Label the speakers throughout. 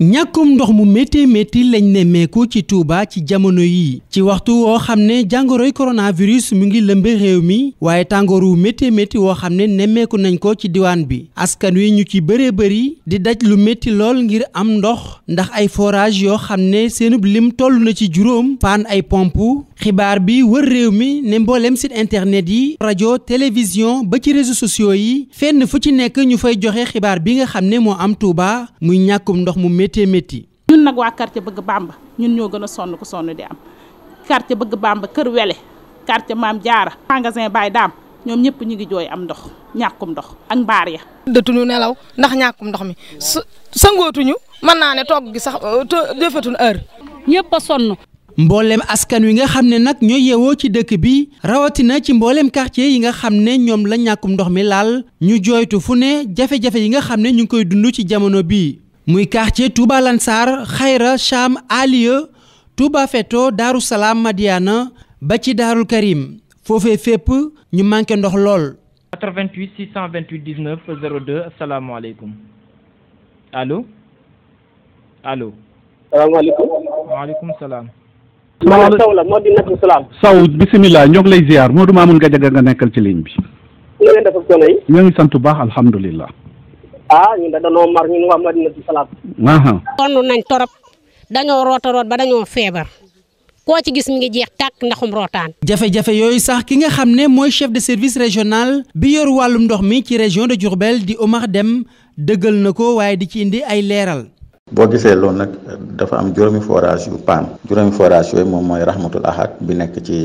Speaker 1: ñàkkum ndox mu métti métti lañ nemmeeku ci Touba ci jamono yi ci waxtu woo xam ne jàngoroy coronavirus mu ngi lëmbe réew mi waaye tàngoor wu métti métti woo xam ne nemmeeku nañ ko ci diwaan bi askan wi ñu ci bëree bëri di daj lu métti lool ngir am ndox ndax ay forage yoo xam ne seenub lim toll na ci juróom faan ay pompe xibaar bi wër réew mi ne mbooleem site internet yi rajo télévision ba ci réseaux sociaux yi fenn fu ci nekk ñu fay joxe xibaar bi nga xam ne moo am Touba muy ñàkkum ndox mu métti méttee métti. ñun nag waa quartier bëgg Bamba ñun ñoo gën a sonn ku sonn di am quartier bëgg Bamba kër wele quartier maam jaara magasin baay Daam ñoom ñëpp ñu ngi jooy am ndox ñàkkum ndox ak mbaar ya. dëtuñu nelaw ndax ñàkkum ndox mi sa sangootuñu mën naa ne togg gi sax euh, defatuñu heure. ñëpp a sonn. mboolem askan wi nga xam ne nag ñoo yeewoo ci dëkk bi rawatina ci mbooleem quartier yi nga xam ne ñoom la ñàkkum ndox mi laal ñu jooytu fu ne jafe-jafe yi nga xam ne ñu ngi koy dund ci jamono bii. muy quartier Touba Lansar Xayra Cham Alieu Touba Feto Daaru Salaam Madiana ba ci Daarul Karim foofee fépp ñu manqué ndox lool. 88
Speaker 2: 628 19 02 asalaamaaleykum allo allo. salaamaaleykum. waaleykum salaam. maanaam Sow la moo di Nafi Salaam. Sow bisimilah ñoo lay ziar Modou Mamoun Gadiaga nga nekkal ci ligne bi. ñu ñoo ngi sant bu baax alhamdulilah. ah ñun da danoo mar
Speaker 1: nañ torop dañoo roota root ba dañoo feebar. koo ci gis mi ngi jeex tàkk ndaxum rootaan. jafe-jafe yooyu sax ki nga xam ne mooy chef de service régional bi yor wàllum ndox mi ci région de Diourbel di Omar dem dëggal na ko waaye di ci indi ay leeral.
Speaker 2: boo gisee loolu nag dafa am juróomi forage yu paan juróomi forage yooyu moom mooy rahmatul ahad bi nekk ci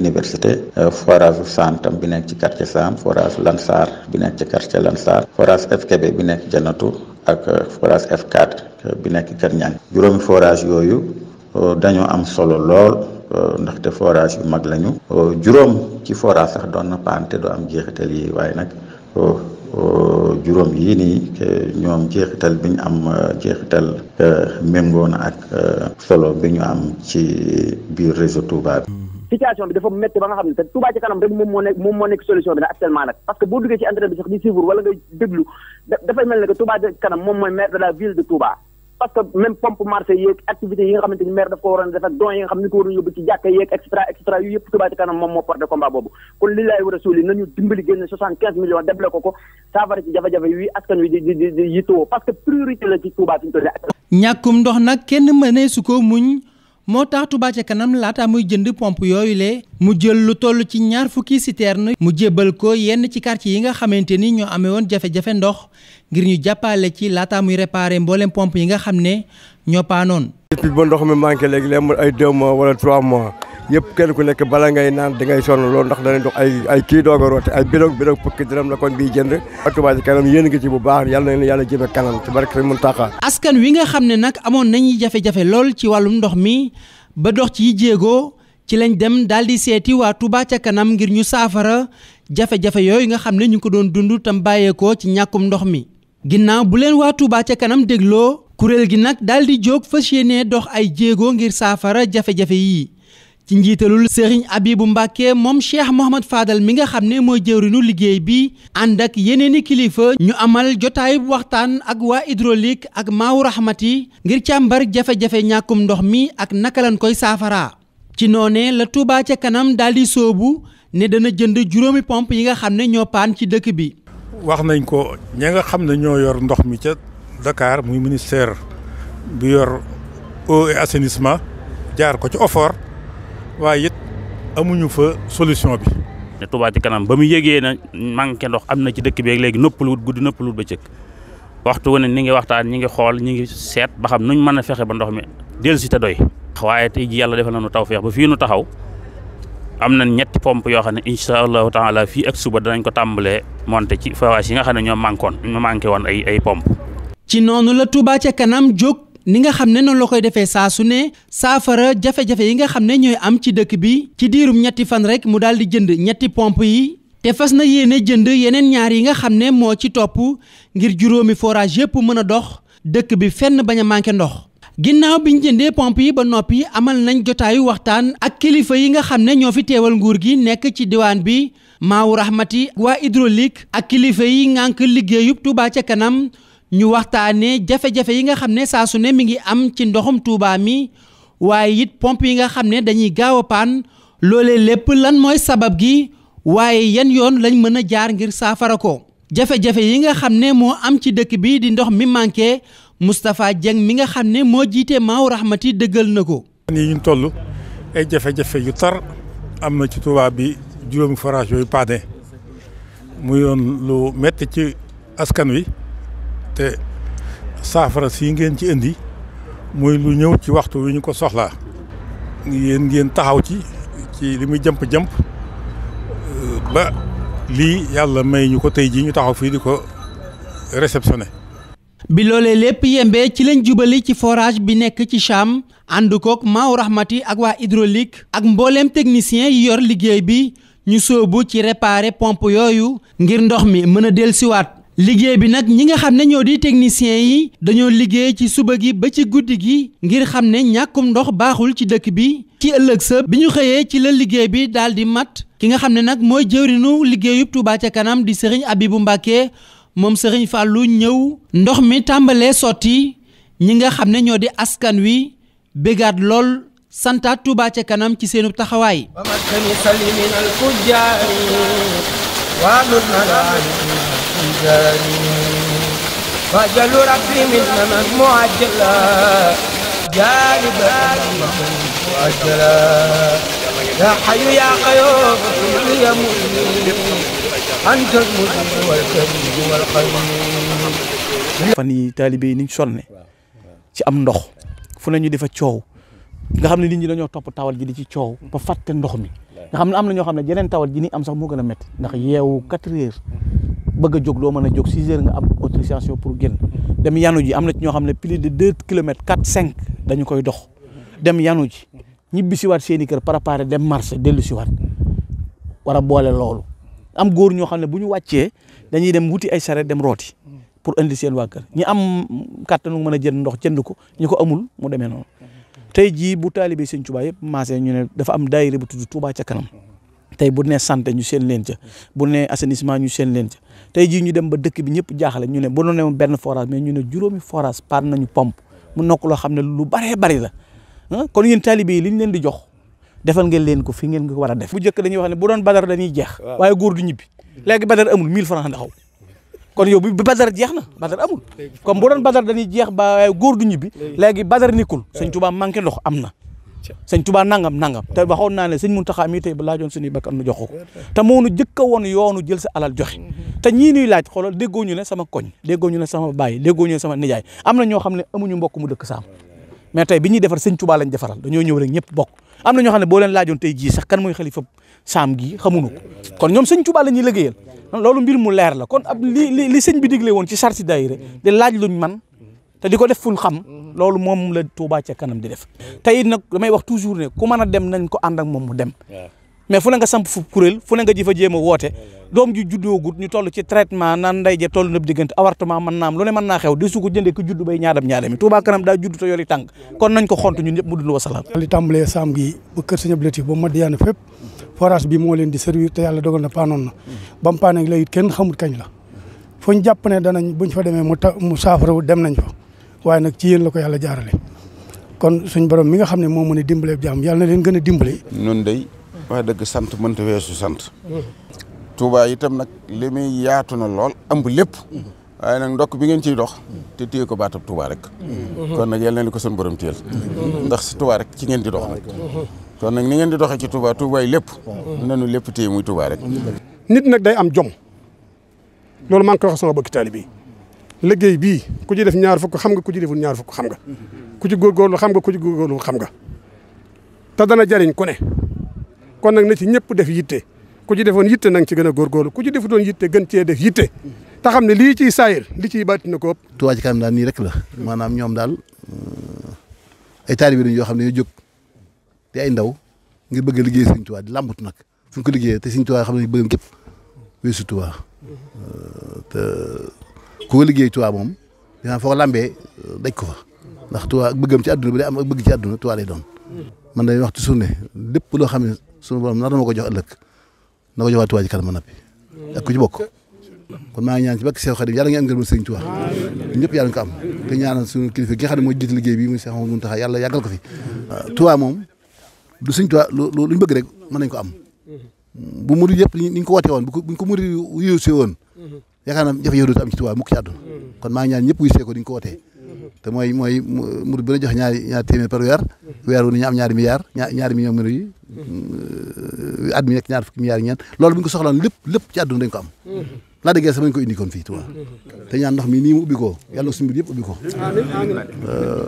Speaker 2: université euh, forage u tam bi nekk ci quartier Sam forage Lansar bi nekk ci quartier Lansar forage FKB bi nekk Janatu ak euh, forage F4 euh, bi nekk Kër Ñang juróomi forage yooyu dañoo am solo lool ndaxte forage yu mag lañu juróom ci forage sax doon na paan te du am jeexital yi waaye nag juróom yii nii ñoom jeexital bi ñu am jeexital eh, méngoo na ak eh, solo bi ñu am ci biir réseau Touba bi. situation bi dafa métti ba nga xam ne te Touba ci kanam rek moom moo nekk moom moo nekk solution bi nag actuellement nag parce que boo duggee ci internet bi sax di suivre wala nga déglu dafay mel ne que ci kanam moom mooy maire de la ville de Touba. parce que même pompe marché yeeg activités yi nga xamante ni maire daf ko waroon def don yi nga xam ni ko waroon yóbbu ci jàkka yeeg et cetera yu yëpp Touba Kanam moom moo porté combat boobu kon li laay war a suuli nañu dimbali génne soixante quinze millions deble ko ko saafara ci jafe-jafe yi askan wi di di parce que priorité la ci Touba
Speaker 1: ñàkkum ndox nag kenn mënee su ko muñ moo tax Touba ca kanam laata muy jënd pompe yooyu le mu jël lu toll ci ñaar fukki citerne mu jébbal ko yenn ci quartier yi nga xamante ni ñoo amee woon jafe-jafe ndox ngir ñu jàppale ci laata muy réparé mboolem pompe yi nga xam ne ñoppaanoon
Speaker 2: paanoon ba ndox mi manqué léegi lay ay deux mois wala trois mois yëpp kenn ku nekk bala ngay naan da ngay sonn lool ndax danañ dox ay ay kii doog a roote ay bidong bidong fukki dërëm la kon bii jënd Touba Ca Kanam yéen ngi ci bu baax yàlla na leen yàlla jëme kanam ci barke
Speaker 1: askan wi nga xam ne nag amoon nañuy jafe-jafe lool ci wàllum ndox mi ba dox ci jéegoo ci lañ dem daal di seeti waa Touba Ca Kanam ngir ñu saafara jafe-jafe yooyu nga xam ne ñu ko doon dund tam bàyyeekoo ci ñàkkum ndox mi ginnaaw bu leen waa Touba Ca Kanam dégloo kuréel gi nag daal di jóg fas yéene dox ay jéego ngir saafara jafe yi ci njiitalul Serigne Abibu Mbàkke moom Cheikh Mohamad Fadal mi nga xam ne mooy jëwrinu liggéey bi ànd ak yeneeni kilifa ñu amal jotaayub waxtaan ak waa hydraulique ak maawu rahmati ngir càmbar jafe-jafe ñàkkum ndox mi ak naka lañ koy saafara ci noone la Touba ca kanam daal di soobu ne dana jënd juróomi pompe yi nga xam ne ñoo paan ci dëkk bi wax nañ ko ña nga xam ne ñoo yor ndox mi ca Dakar muy ministère
Speaker 2: bi yor eau et assainissement jaar ko ci OFOR waaye it amuñu fa solution bi. ne Touba ci kanam ba mu yëgee na manqué ndox am na ci dëkk bi léegi noppaluwut guddi noppaluwut bëccëg waxtu wu ne ñi ngi waxtaan ñi ngi xool ñi ngi seet ba xam nuñ mën a fexe ba ndox mi dellu si te doy. waaye tey ji yàlla defal taw feex ba fii nu taxaw am na ñetti pompe yoo xam ne incha allahu taala fii ak suba danañ ko tàmbalee monté ci forages yi nga xam ne ñoo manqué woon ñoo manqué woon ay ay pompe
Speaker 1: ci noonu la ni nga xam ne noonu la koy defee saa su ne saafara jafe-jafe yi nga xam ne ñooy am ci dëkk bi ci diirum ñetti fan rek mu daal di jënd ñetti pompe yi te fas na yéene jënd yeneen ñaar yi nga xam ne moo ci topp ngir juróomi forage yépp mën a dox dëkk bi fenn bañ manqué ndox ginnaaw bi ñu jëndee pompe yi ba noppi amal nañ jotaayu waxtaan ak kilifa yi nga xam ne ñoo fi teewal nguur gi nekk ci diwaan bi maawu rahmati waa hydraulique ak kilifa yi ngànk liggéeyub Touba ca kanam ñu waxtaanee jafe-jafe yi nga xam ne saa su ne mi ngi am ci ndoxum Touba mi waaye it pompe yi nga xam ne dañuy gaaw a paan loole lépp lan mooy sabab gi waaye yan yoon lañ mën a jaar ngir saafara ko jafe-jafe yi nga xam ne moo am ci dëkk bi di ndox mi manqué Moustapha Dieng mi nga xam ne moo jiite Maaw Rahmati dëggal na ko. yi ñu toll ay jafe-jafe yu tar am na ci Touba bi juróomi forage yooyu paane muy yoon lu
Speaker 2: metti ci askan wi. te saafara sii ngeen ci indi muy lu ñëw ci waxtu wi ñu ko soxlaa yéen ngeen taxaw ci
Speaker 1: ci li muy jëmp-jëmp ba lii yàlla may ñu ko tey jii ñu taxaw fii di ko réceptionné bi loolee lépp yembee ci lañ jubali ci forage bi nekk ci Cham ànd kook Maaw Rahmati ak waa hydraulique ak mbooleem technicien yi yor liggéey bi ñu sóobu ci réparer pompe yooyu ngir ndox mi mën a dellusiwaat liggéey bi nag ñi nga xam ne ñoo di techniciens yi dañoo liggéey ci suba gi ba ci guddi gi ngir xam ne ñàkkum ndox baaxul ci dëkk bi ci ëllëg sa bi ñu xëyee ci la liggéey bi daal di mat ki nga xam ne nag mooy jëwrinu liggéeyub Touba ca kanam di Serigne Abibou Mbacké moom Serigne Fallou ñëw ndox mi tàmbalee sotti ñi nga xam ne ñoo di askan wi bégaat lool santaat Touba ca kanam ci seenu taxawaay جاري فجل ربي من معجلا جالبا مؤجلا يا حي يا قيوم يا مؤمن أنت المؤمن
Speaker 2: والكريم والخير fan yi taalibe yi niñ sonne ci am ndox fu nañu defa coow nga xam ne di ñi ñoo topp tawal ji di ci coow fa fàtte ndox mi nga xam ne am na ñoo xam ne jeneen tawal ji ni am sax moo gën a métti ndax yeewu quatre bëgg a jóg doo mën a jóg six heures nga am autorisation pour génn dem yanu ji am na ñoo xam ne plus de deux kilomètres quatre cinq dañu koy dox dem yanu ji ñibbi siwaat seen i kër préparé dem marché dellu siwaat war a boole loolu am góor ñoo xam ne bu ñu wàccee dañuy dem wuti ay saret dem rooti pour indi seen waa kër ñi am kattanu mën a jënd ndox jënd ko ñi ko amul mu demee noonu tey jii bu taalibe Sëñ Tuubaa yëpp maasee ñu ne dafa am daayira bu tudd Tuubaa ca kanam tey bu ne santé ñu seen leen ca bu ne assainissement ñu seen leen ca tey jii ñu dem ba dëkk bi ñëpp jaaxle ñu ne bu doon ne benn forage mais ñu ne juróomi forage par nañu pompe mu nokk loo xam ne lu baree bari la ah, kon yéen taalibe yi li ñu leen di jox defal ngeen leen ko fii ngeen ko war a def. bu njëkk dañuy wax ne bu doon badar dañuy jeex. waaye góor du ñibbi léegi badar amul 1000 francs ndaxaw kon yow bi badar jeex na badar amul comme bu doon badar dañuy jeex ba waaye góor du ñibbi léegi badar nikul Sëñ Tuubaa manqué ndox am na. sëñ Tuubaa nangam nangam te waxoon naa ne sëñ Muntaxa mii ba laajoon suñuy bakkan nu jox ko te moonu jëkk a woon yoonu jël sa alal joxe te ñii ñuy laaj xoolal déggoo ñu ne sama koñ déggoo ñu ne sama baay déggoo ñu ne sama nijaay am na ñoo xam ne amuñu mbokk mu dëkk saam mais tey bi ñuy defar sëñ Tuubaa lañ defaral dañoo ñëw rek ñëpp bokk am na ñoo xam ne boo leen laajoon tey jii sax kan mooy xalifa saam gi xamuñu ko kon ñoom sëñ Tuubaa la ñuy liggéeyal loolu mbir mu leer la kon ab li li sëñ bi woon ci sarti daayira di laaj luñ man te di ko def fu ful xam mhm. loolu moom la Touba ca kanam di def tey nag damay wax toujours ne ku mën a dem nañ ko ànd ak moom mu dem mais fu ne nga samp fu kuréel fu ne nga ji fa jéem a woote doom ji juddoogut ñu toll ci traitement nan nday ja toll nëb diggante avortement mën naa am lu ne mën naa xew di su ko jëndee ku judd bay ñaadam ñaadami Touba kanam daa judd te yori tànk kon nañ ko xont ñun ñëpp mu dund wa salaam li tàmbalee saam gi ba kër Sëñ Abdou Latif ba Madiyaana fépp forage bi moo leen di servir te yàlla dogal na paanoon na mm-hmm. ba mu paanee léegi kenn xamul dem nañ fa waaye nag ci yéen la ko yàlla jaarale kon suñ borom mi nga xam ne moo mën a dimbale jaam yàlla na leen gën a dimbale. noonu day wax dëgg sant mënta weesu sant. Touba itam nag li yaatu na lool ëmb lépp. waaye nag ndokk bi ngeen ciy dox te téye ko baatab Touba rek kon nag yal na leen ko suñ borom téyel ndax si Touba rek ci ngeen di dox nag kon nag ni ngeen di doxee ci Touba Touba yi lépp nanu lépp téye muy Touba rek nit nag day am jom loolu maa ngi koy wax sama bokki taalibe bi liggéey bii ku ci def ñaar fukk xam nga ku ci deful ñaar fukk xam nga ku ci góorgóorlu xam nga ku ci góorgóorlu xam nga te dana jariñ ku ne kon nag na ci ñëpp def yitte ku ci defoon yitte nang ci gën a góorgóorlu ku ci defutoon yitte gën cee def yitte
Speaker 3: te xam ne lii ciy saayir li ciy bàtti na ko ëpp Touba Ca daal nii rek la maanaam ñoom daal euh, ay bi dañu yoo xam ne ñoo jóg te ay ndaw ngir bëgg a liggéey Sëriñ Touba di làmbut nag fu ko liggéeyee te Sëriñ Touba xam ne bëggam képp weesu Touba euh, te ku ko liggéey Tuubaa moom dinaa foo lambee euh, daj ko fa ndax Tuubaa ak bëggam ci àdduna bi day am ak bëgg ci àdduna Tuubaa lay doon man dañuy wax toujours ne lépp loo xam ne suñu borom nar na ma ko jox ëllëg na ko jox waa Tuubaa ci kanam ma nappi ak ku ci bokk kon maa ngi ñaan ci bakk Seex Xaadim yàlla nga am ngërëm sëñ Tuubaa ñëpp yàlla nga ko am te ñaanal suñu kilifa gi nga xam ne mooy jiite liggéey bi muy Seex Axmadu Muntaxa yàlla yàggal euh, lu ñu bëgg rek mën ko am bu murid yëpp ni ñu ko woote woon bu ñu ko murid yu yaakaar naa jafe-jafe dootu am ci Tuubaa mukk ci àdduna mm-hmm. kon maa ngi ñaan ñëpp wuy seeko di ñu ko wootee mm-hmm. te mooy mooy mur bi na joxe ñaari ñaari téeméer par weer mm-hmm. weer wu ne ñu am ñaari milliards ñaari millions mënu yi at nekk ñaar fukki milliards yi loolu bu ñu ko soxlaan lépp lépp ci àdduna dañ ko am laa déggee sama ñu ko indi koon fii Tuubaa te ñaan ndox mi nii mu ubbi ko yàlla na suñu mbir yëpp ubbi ko euh,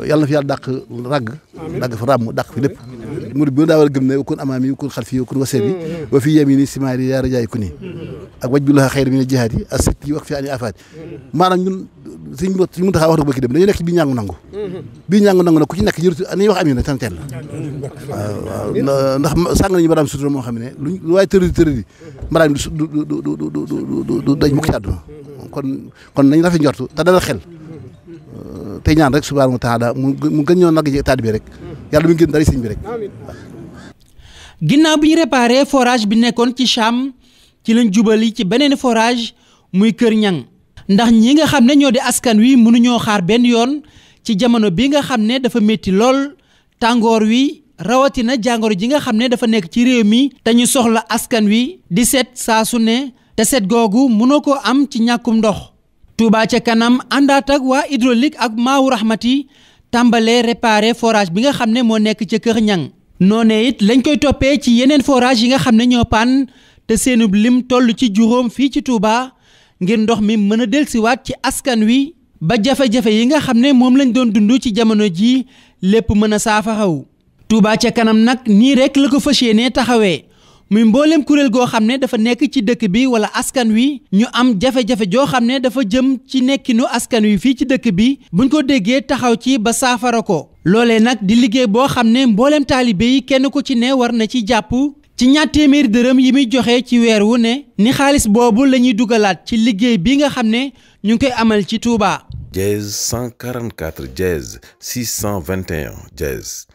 Speaker 3: yàlla na fi yàlla dàq ràgg dàq fa ràmm dàq fi lépp mur na daa war a gëm ak waj bi la xayri mina jihaad a ak sët yi ak fi ani afaat maanaam ñun suñ suñ mun taxaa wax na ko bëgg nekk bii ñàngu nangu bii nekk jërtu nañuy wax lu waaye tërëdi tërëdi madaam du du daj mukk ci àdduna kon kon nañ rafet njortu te dalal xel tey ñaan rek subhaanahu wa taala mu gën ñoo nag ji taalibe rek yàlla mu ngi gën dara sëñ bi rek ginnaaw bi
Speaker 1: ñu réparé forage bi nekkoon ci Cham ci lañ jubali ci beneen forage muy Kër Ñang ndax ñi nga xam ne ñoo di askan wi mënuñoo xaar benn yoon ci jamono bi nga xam ne dafa métti lool tàngoor wi rawatina jàngoro ji nga xam ne dafa nekk ci réew mi te ñu soxla askan wi di set saasu ne te set googu mënoo ko am ci ñàkkum ndox. Touba ca kanam àndaat waa hydraulique ak maawu rahmati tàmbalee réparé forage bi nga xam ne moo nekk ca Kër Ñang noonee it lañ koy toppee ci yeneen forage yi nga xam ne ñoo te seenub lim toll ci juróom fii ci Touba ngir ndox mi mën a delsiwaat ci askan wi ba jafe-jafe yi nga xam ne moom lañ doon dund ci jamono jii lépp mën a saafarawu Touba ca kanam nag nii rek la ko fas yéenee taxawee muy mboolem kuréel goo xam ne dafa nekk ci dëkk bi wala askan wi ñu am jafe-jafe joo xam ne dafa jëm ci nekkinu askan wi fii ci dëkk bi buñ ko déggee taxaw ci ba saafara ko loolee nag di liggéey boo xam ne mboolem taalibe yi kenn ku ci ne war na ci jàpp ci ñaar téeméeri dërëm yi muy joxe ci weer wu ne ni xaalis boobu la ñuy dugalaat ci liggéey bi nga xam ne ñu ngi koy amal ci Touba.
Speaker 3: dièse 144 dièse 621 dièse